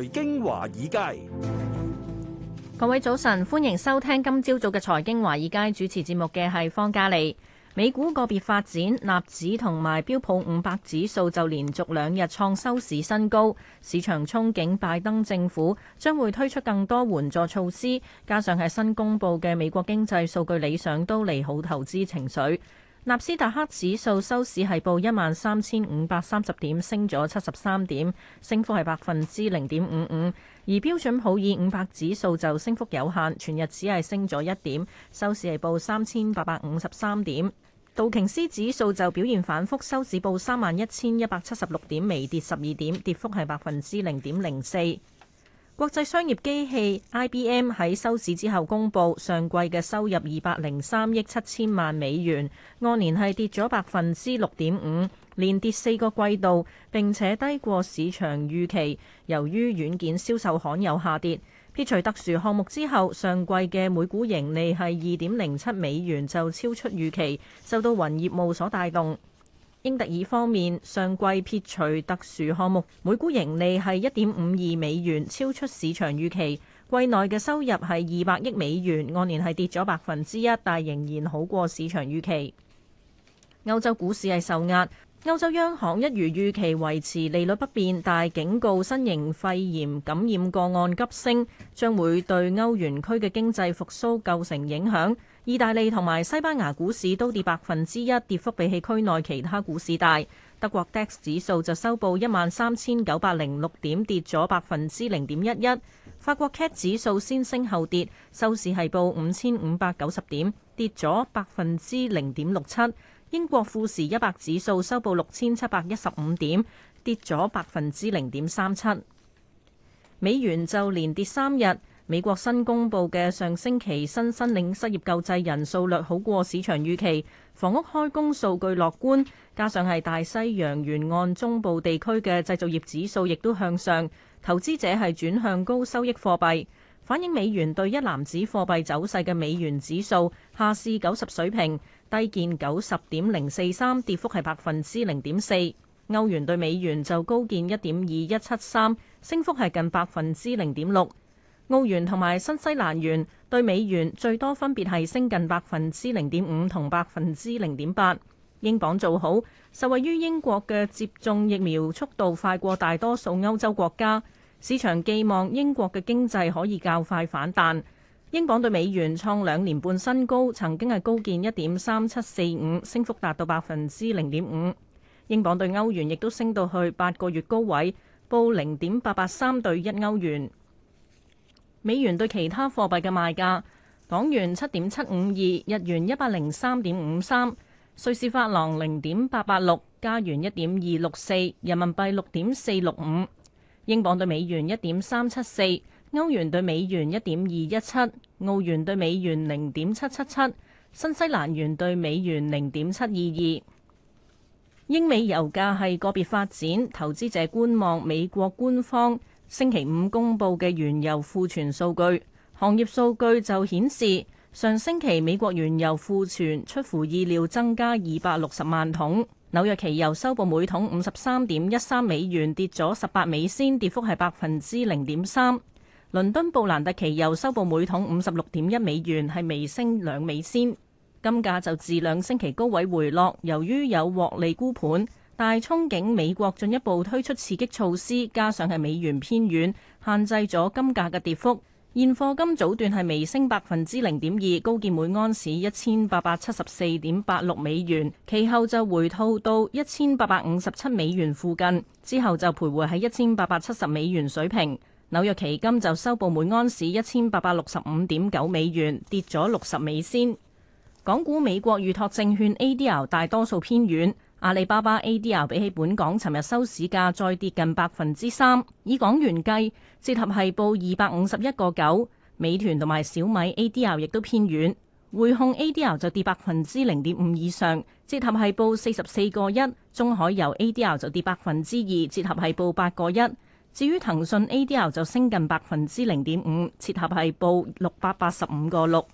財經華爾街，各位早晨，歡迎收聽今朝早嘅財經華爾街主持節目嘅係方嘉利，美股個別發展，納指同埋標普五百指數就連續兩日創收市新高，市場憧憬拜登政府將會推出更多援助措施，加上係新公布嘅美國經濟數據理想，都利好投資情緒。納斯達克指數收市係報一萬三千五百三十點，升咗七十三點，升幅係百分之零點五五。而標準普爾五百指數就升幅有限，全日只係升咗一點，收市係報三千八百五十三點。道瓊斯指數就表現反覆，收市報三萬一千一百七十六點，微跌十二點，跌幅係百分之零點零四。國際商業機器 IBM 喺收市之後公佈上季嘅收入二百零三億七千萬美元，按年係跌咗百分之六點五，連跌四個季度，並且低過市場預期。由於軟件銷售罕有下跌，撇除特殊項目之後，上季嘅每股盈利係二點零七美元，就超出預期，受到雲業務所帶動。英特爾方面，上季撇除特殊項目，每股盈利係一點五二美元，超出市場預期。季內嘅收入係二百億美元，按年係跌咗百分之一，但係仍然好過市場預期。歐洲股市係受壓。歐洲央行一如預期維持利率不變，但係警告新型肺炎感染個案急升，將會對歐元區嘅經濟復蘇構成影響。意大利同埋西班牙股市都跌百分之一，跌幅比起區內其他股市大。德國 DAX 指數就收報一萬三千九百零六點，跌咗百分之零點一一。法國 CAC 指數先升後跌，收市係報五千五百九十點，跌咗百分之零點六七。英國富時一百指數收報六千七百一十五點，跌咗百分之零點三七。美元就連跌三日。美國新公布嘅上星期新申領失業救濟人數略好過市場預期，房屋開工數據樂觀，加上係大西洋沿岸中部地區嘅製造業指數亦都向上，投資者係轉向高收益貨幣，反映美元對一籃子貨幣走勢嘅美元指數下試九十水平。低見九十點零四三，跌幅係百分之零點四。歐元對美元就高見一點二一七三，升幅係近百分之零點六。澳元同埋新西蘭元對美元最多分別係升近百分之零點五同百分之零點八。英鎊做好，受惠於英國嘅接種疫苗速度快過大多數歐洲國家，市場寄望英國嘅經濟可以較快反彈。英鎊對美元創兩年半新高，曾經係高見一點三七四五，升幅達到百分之零點五。英鎊對歐元亦都升到去八個月高位，報零點八八三對一歐元。美元對其他貨幣嘅賣價：港元七點七五二，日元一百零三點五三，瑞士法郎零點八八六，加元一點二六四，人民幣六點四六五，英鎊對美元一點三七四。歐元對美元一點二一七，澳元對美元零點七七七，新西蘭元對美元零點七二二。英美油價係個別發展，投資者觀望美國官方星期五公布嘅原油庫存數據。行業數據就顯示，上星期美國原油庫存出乎意料增加二百六十萬桶。紐約期油收報每桶五十三點一三美元，跌咗十八美仙，跌幅係百分之零點三。倫敦布蘭特期油收報每桶五十六點一美元，係微升兩美仙。金價就自兩星期高位回落，由於有獲利沽盤，但係憧憬美國進一步推出刺激措施，加上係美元偏軟，限制咗金價嘅跌幅。現貨金早段係微升百分之零點二，高見每安士一千八百七十四點八六美元，其後就回吐到一千八百五十七美元附近，之後就徘徊喺一千八百七十美元水平。紐約期金就收報每安士一千八百六十五點九美元，跌咗六十美仙。港股美國預託證券 ADR 大多數偏遠，阿里巴巴 ADR 比起本港尋日收市價再跌近百分之三，以港元計，折合係報二百五十一個九。美團同埋小米 ADR 亦都偏遠，匯控 ADR 就跌百分之零點五以上，折合係報四十四個一。中海油 ADR 就跌百分之二，折合係報八個一。至於騰訊 ADR 就升近百分之零點五，切合係報六百八十五個六。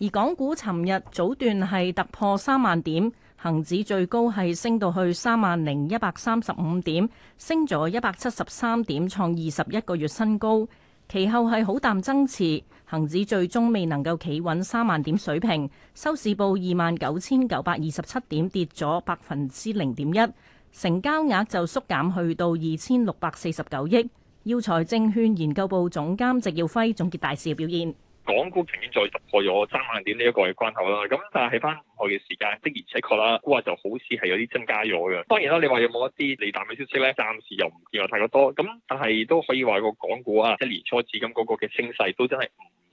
而港股尋日早段係突破三萬點，恒指最高係升到去三萬零一百三十五點，升咗一百七十三點，創二十一個月新高。其後係好淡爭持，恒指最終未能夠企穩三萬點水平，收市報二萬九千九百二十七點，跌咗百分之零點一。成交額就縮減去到二千六百四十九億。耀才證券研究部總監謝耀輝總結大市表現：，港股曾經再突破咗三萬點呢一個嘅關口啦。咁但係喺翻五日嘅時間，的而且確啦，估價就好似係有啲增加咗嘅。當然啦，你話有冇一啲利淡嘅消息咧？暫時又唔見話太多。咁但係都可以話個港股啊，即年初至今嗰個嘅升勢都真係。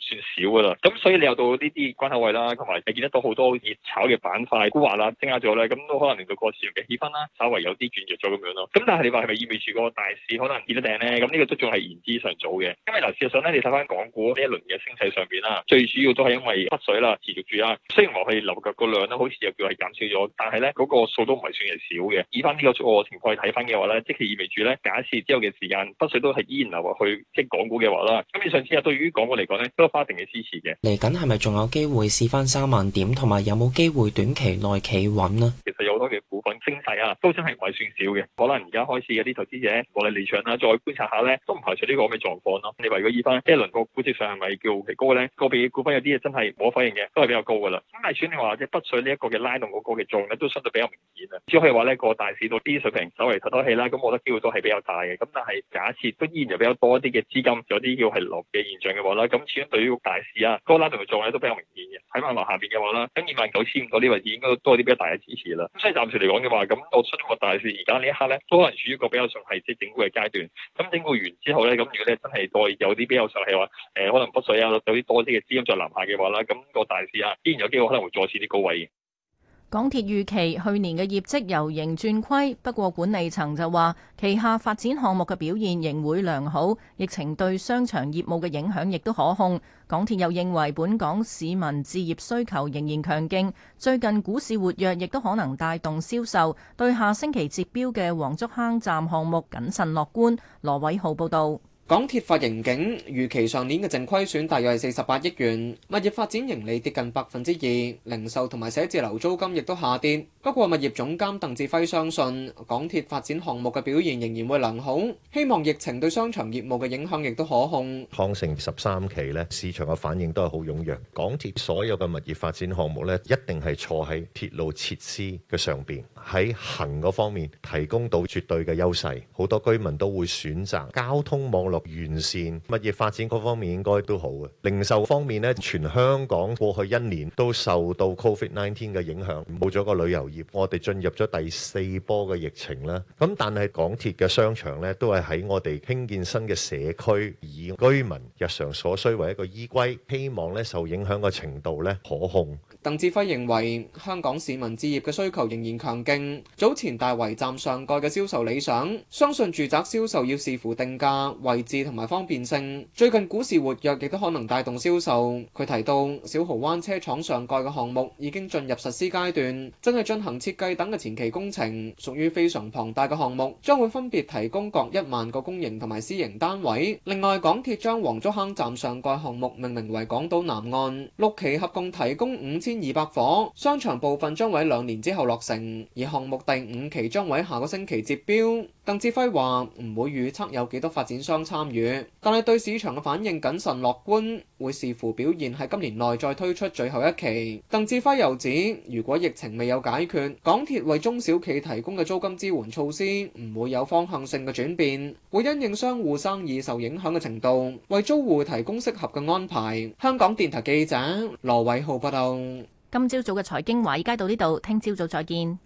算少㗎啦，咁所以你又到呢啲關口位啦，同埋你見得到好多熱炒嘅板塊、估華啦，增加咗咧，咁都可能令到個市場嘅氣氛啦，稍微有啲轉熱咗咁樣咯。咁但係你話係咪意味住個大市可能見得定咧？咁呢個都仲係言之尚早嘅，因為嗱事實上咧，你睇翻港股呢一輪嘅升勢上邊啦，最主要都係因為北水啦持續住啦，雖然話係流入嘅量咧，好似又叫係減少咗，但係咧嗰個數都唔係算係少嘅。以翻呢個情況去睇翻嘅話咧，即係意味住咧，假設之後嘅時間北水都係依然流落去即係港股嘅話啦。咁你上次啊，對於港股嚟講咧，一定嘅支持嘅嚟緊係咪仲有機會試翻三萬點，同埋有冇機會短期內企穩呢？其實有好多嘅股份升勢啊，都真係唔係算少嘅。可能而家開始有啲投資者獲利離場啦，啊，再觀察下咧，都唔排除呢個咁嘅狀況咯。你話如果以翻一輪個估值上係咪叫奇高咧？個別股份有啲嘢真係冇反應嘅，都係比較高噶啦。咁係算你話即係北水呢一個嘅拉動個股嘅作用咧，都相對比較明顯啊。只可以話呢個大市到呢啲水平，稍微唞唞氣啦，咁我覺得機會都係比較大嘅。咁但係假設都依然有比較多一啲嘅資金有啲要係落嘅現象嘅話啦，咁始終對大市啊，嗰個拉頭做咧都比較明顯嘅，喺埋落下邊嘅話啦，咁二萬九千五個呢位置應該都多啲比較大嘅支持啦。咁所以暫時嚟講嘅話，咁到出咗個大市，而家呢一刻咧都可能處於一個比較上係即整固嘅階段。咁整固完之後咧，咁如果你真係再有啲比較上係話，誒、呃、可能北水啊，有啲多啲嘅資金再南下嘅話啦，咁、那個大市啊，依然有機會可能會再次啲高位嘅。港鐵預期去年嘅業績由盈轉虧，不過管理層就話旗下發展項目嘅表現仍會良好，疫情對商場業務嘅影響亦都可控。港鐵又認為本港市民置業需求仍然強勁，最近股市活躍，亦都可能帶動銷售。對下星期截標嘅黃竹坑站項目，謹慎樂觀。羅偉浩報導。港鐵發盈警，預期上年嘅淨虧損大約係四十八億元。物業發展盈利跌近百分之二，零售同埋寫字樓租金亦都下跌。不過，物業總監鄧志輝相信港鐵發展項目嘅表現仍然會良好，希望疫情對商場業務嘅影響亦都可控。康城十三期咧，市場嘅反應都係好踴躍，港鐵所有嘅物業發展項目咧，一定係坐喺鐵路設施嘅上邊，喺行嗰方面提供到絕對嘅優勢，好多居民都會選擇交通網絡完善，物業發展嗰方面應該都好啊。零售方面咧，全香港過去一年都受到 COVID-19 嘅影響，冇咗個旅遊。我哋進入咗第四波嘅疫情啦，咁但係港鐵嘅商場咧，都係喺我哋興建新嘅社區，以居民日常所需為一個依歸，希望咧，受影響嘅程度咧，可控。鄧志輝認為香港市民置業嘅需求仍然強勁。早前大圍站上蓋嘅銷售理想，相信住宅銷售要視乎定價、位置同埋方便性。最近股市活躍，亦都可能帶動銷售。佢提到，小蠔灣車廠上蓋嘅項目已經進入實施階段，正係進行設計等嘅前期工程，屬於非常龐大嘅項目，將會分別提供各一萬個公營同埋私營單位。另外，港鐵將黃竹坑站上蓋項目命名為港島南岸六期，合共提供五千。二百房商場部分將會兩年之後落成，而項目第五期將會下個星期接標。鄧志輝話唔會預測有幾多發展商參與，但係對市場嘅反應謹慎樂觀，會視乎表現喺今年內再推出最後一期。鄧志輝又指，如果疫情未有解決，港鐵為中小企提供嘅租金支援措施唔會有方向性嘅轉變，會因應商戶生意受影響嘅程度，為租戶提供適合嘅安排。香港電台記者羅偉浩報道。今朝早嘅財經華爾街到呢度，聽朝早再見。